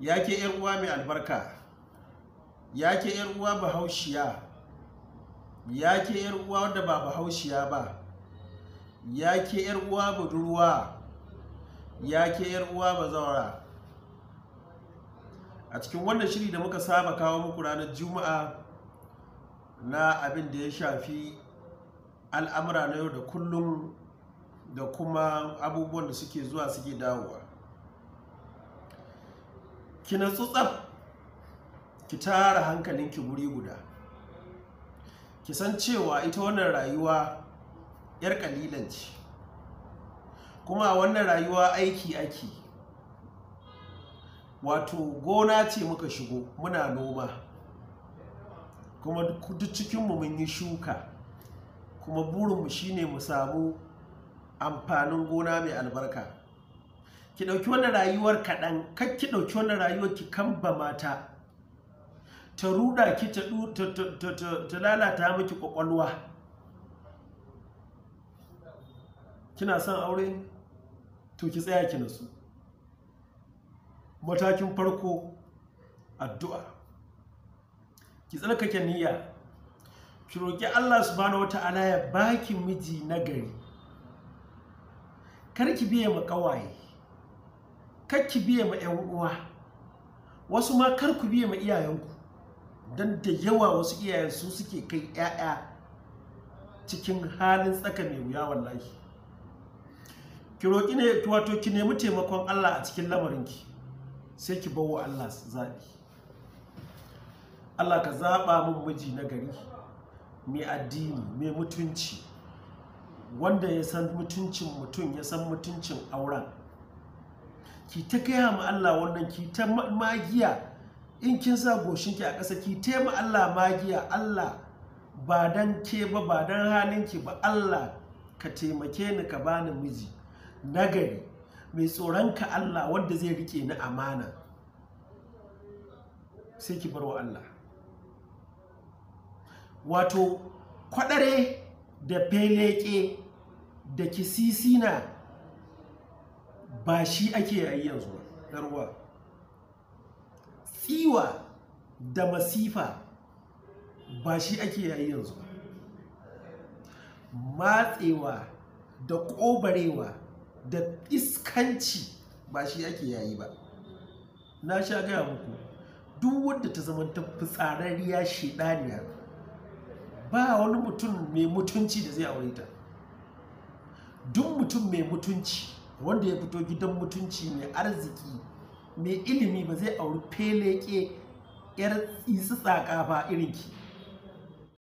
ya ke uwa mai albarka ya ke uwa bahaushiya ya ke uwa wadda ba bahaushiya ba ya ke uwa budurwa ya ke uwa zaura. a cikin wannan shiri da muka saba kawo muku ranar juma'a na abin da ya shafi al'amura na yau da kullum da kuma abubuwan da suke zuwa suke dawowa ki natsu tsaf ki tara hankalinki guri guda ki san cewa ita wannan rayuwa yar kalilan ce kuma wannan rayuwa aiki ake wato gona ce muka shigo muna noma kuma duk cikinmu mun yi shuka kuma burinmu shine mu samu amfanin gona mai albarka ki ɗauki wani rayuwar kaɗan kan ki ɗauki wani rayuwar ki kamba mata ta ruda ki ta lalata miki ƙwaƙwalwa kina son aure to ki tsaya ki nasu matakin farko addu'a ki tsarkake niyya ki roƙi Allah subhanahu wata'ala ya baki miji nagari kar ki biye makawaye kar ki biye ma ƴan uwa wasu ma kar ku biye ma iyayenku don da yawa wasu iyayen su suke kai ƴaƴa cikin halin tsaka mai wuya wallahi ki roki ne wato ki nemi taimakon Allah a cikin lamarin ki, sai ki bawa Allah zaɓi Allah ka zaɓa min miji na gari mai addini mai mutunci wanda ya san mutuncin mutum ya san mutuncin auren ki ta kai ma Allah wannan ki ta magiya in kin sa goshinki a ƙasa ki ta ma Allah magiya Allah ba dan ke ba ba dan halinki ba Allah ka taimake ni ka bani miji nagari mai tsoron ka Allah wanda zai rike ni amana sai ki bar wa Allah wato kwadare da feleke da kisisina ba shi ake yayi yanzu ba tsiwa da masifa ba shi ake yayi yanzu matsewa da ƙobarewa da iskanci ba shi ake yayi ba na sha gaya muku duk wadda ta zama ta fi fitsararriya shidaniya ba wani mutum mai mutunci da zai aure ta duk mutum mai mutunci wanda ya fito gidan mutunci mai arziki mai ilimi ba zai auri feleke 'yar tsaka ba irinki